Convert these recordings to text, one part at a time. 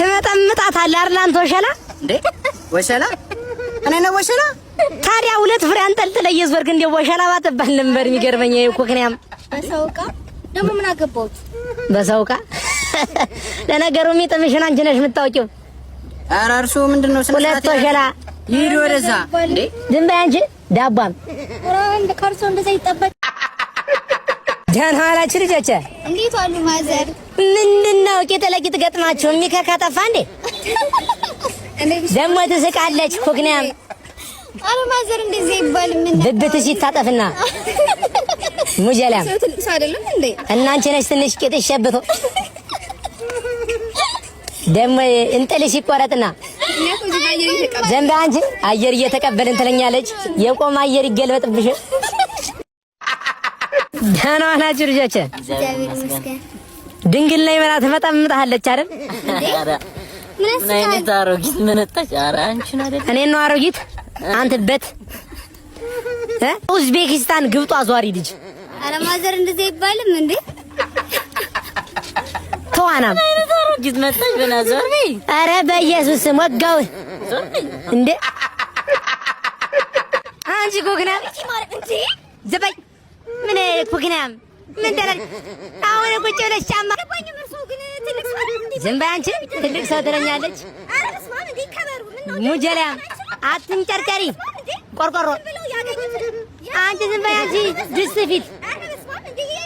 ትመጠምጣት አለ አንተ ወሸላ እንዴ! ወሸላ እኔ ነው ወሸላ። ታዲያ ሁለት ፍሬ አንጠልጥለህ እየዞርክ እንዴ ወሸላ ባትባል ነበር የሚገርመኝ። እኮ ክኒያም በሰው ዕቃ ደግሞ ምን አገባሁት? በሰው ዕቃ ለነገሩ የሚጥምሽን አንቺ ነሽ የምታውቂው። ኧረ እርሱ ምንድን ነው ስለ ሁለት ወሸላ ይሄድ ወደዛ እንዴ! ዝም በይ አንቺ ዳቧም ከእርሶ እንደዛ ይጠበቅ ደህና ዋላችሁ ልጆች፣ እንዴት ዋሉ? ማዘር ምንድን ነው ቂጥ ለቂጥ ገጥማችሁ? የሚከካ ጠፋ እንዴ? ደግሞ ትስቃለች። ኩክንያም አረ ማዘር እንደዚህ ይባል ምን ብብትሽ ይታጠፍና ሙጀላም አይደለም እንዴ? እናንቺ ነሽ ትንሽ ቂጥ ይሸብቶ ደግሞ እንጥልሽ ይቆረጥና ዘንድ አንቺ አየር እየተቀበልን ትለኛለች። የቆመ አየር ይገልበጥብሽ ደህና ናችሁ ልጆችን? ድንግል ነኝ በላት ተመጣምጣለች አይደል? ምን አይነት አሮጊት መነጣች? ኧረ አንቺን አይደል? እኔን ነው አሮጊት አንተ በት ኡዝቤኪስታን ግብጧ አዟሪ ልጅ ኧረ ማዘር እንደዚህ አይባልም እንዴ ተዋና አሮጊት መጣሽ በናዘር በይ ኧረ በኢየሱስ ወጋው እንዴ አንቺ ጎግና እንዴ ዘበይ ምን ኩክናም ምን ደረግ አሁን ቁጭ ብለሽ ጫማ ዝም በይ አንቺ ትልቅ ሰው ትለኛለች። ሙጀላም አትንጨርጨሪ ቆርቆሮ አንቺ ዝም በይ አንቺ ድስት ፊት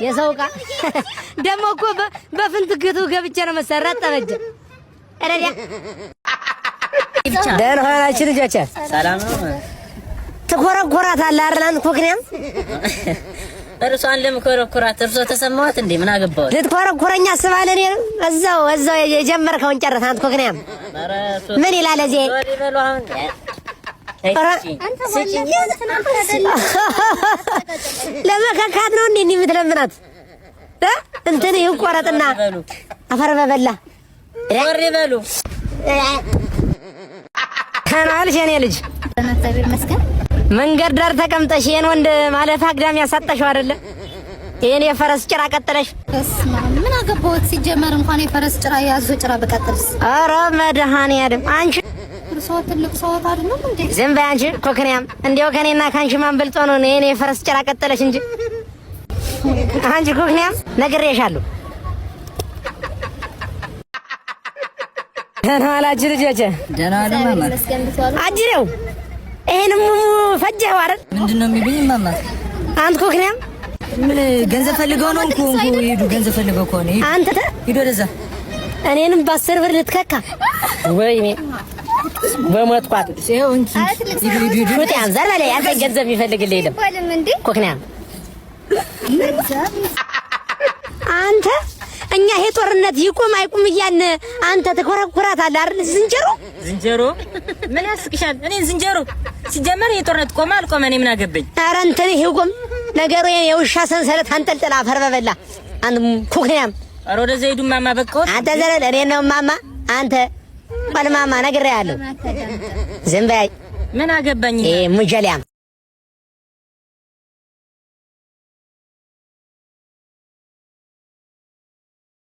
የሰው ዕቃ ደግሞ እኮ በፍንት ግቱ ገብቼ ነው መሰራ ጠበጀ ረዳ ደህና ሆናችሁ ልጆቻ ሰላም ነው። ትኮረኮራታለህ አይደል? አንድ ኮክኒያም እርሷን ለምኮረኩራት እርሷ ተሰማዋት እንዴ? ምን አገባው? ልትኮረኩረኛ ስባለ እኔ እዛው እዛው የጀመርከውን ጨርስ። አንተ ኮክናም ምን ይላል እዚህ ለመከካት ነው እንዴ የምትለምናት? እንትን ይቆረጥና አፈር በበላ ወሪ በሉ ተናልሽ የኔ ልጅ መንገድ ዳር ተቀምጠሽ ይሄን ወንድ ማለፍ አግዳሚ ያሳጣሽው አይደለ? ይሄን የፈረስ ጭራ ቀጥለሽ ምን አገባሁት? ሲጀመር እንኳን የፈረስ ጭራ ያዞ ጭራ በቀጥልስ። ኧረ መድኃኒዓለም አንቺ ሰው ትልቅ ሰው አይደለም እንዴ? ዝም በይ አንቺ ኮክንያም። እንዲያው ከኔና ከአንቺ ማን በልጦ ነው ይሄን የፈረስ ጭራ ቀጥለሽ እንጂ አንቺ ኮክንያም፣ ነግሬሻለሁ። ደህና ዋላችሁ ልጆቼ። ደህና ዋላችሁ አጅሬው ይሄንም ፈጀ አይደል? ምንድን ነው የሚሉኝ? እማማ አንተ ኮክኔም ምን ገንዘብ ፈልገው ነው እንኩ እንኩ ይሄዱ ገንዘብ ፈልገው ከሆነ አንተ ሂዶ ወደዛ። እኔንም በአስር ብር ልትከካ ወይ እኔ በመጥቋት ይሄው እንጂ ይሄዱ ዘር በላይ አንተ ገንዘብ የሚፈልግልህ የለም ኮክኔም አንተ እኛ ይሄ ጦርነት ይቁም አይቁም እያልን አንተ ትኮረኩራት አይደል? ዝንጀሮ ዝንጀሮ ምን ያስቅሻል? እኔ ዝንጀሮ ሲጀመር የጦርነት ቆመ አልቆመ እኔ ምን አገበኝ? ኧረ እንትን ይሄው ቆም ነገሩ የውሻ ሰንሰለት አንጠልጥላ አፈር በበላ አንተ ኩክያም ኧረ ወደ ዘይዱ ማማ በቃው አንተ ዘለ እኔ ነው ማማ አንተ ቆል ማማ ነግሬሃለሁ። ዝም በይ ምን አገባኝ ይሄ ሙጀሊያም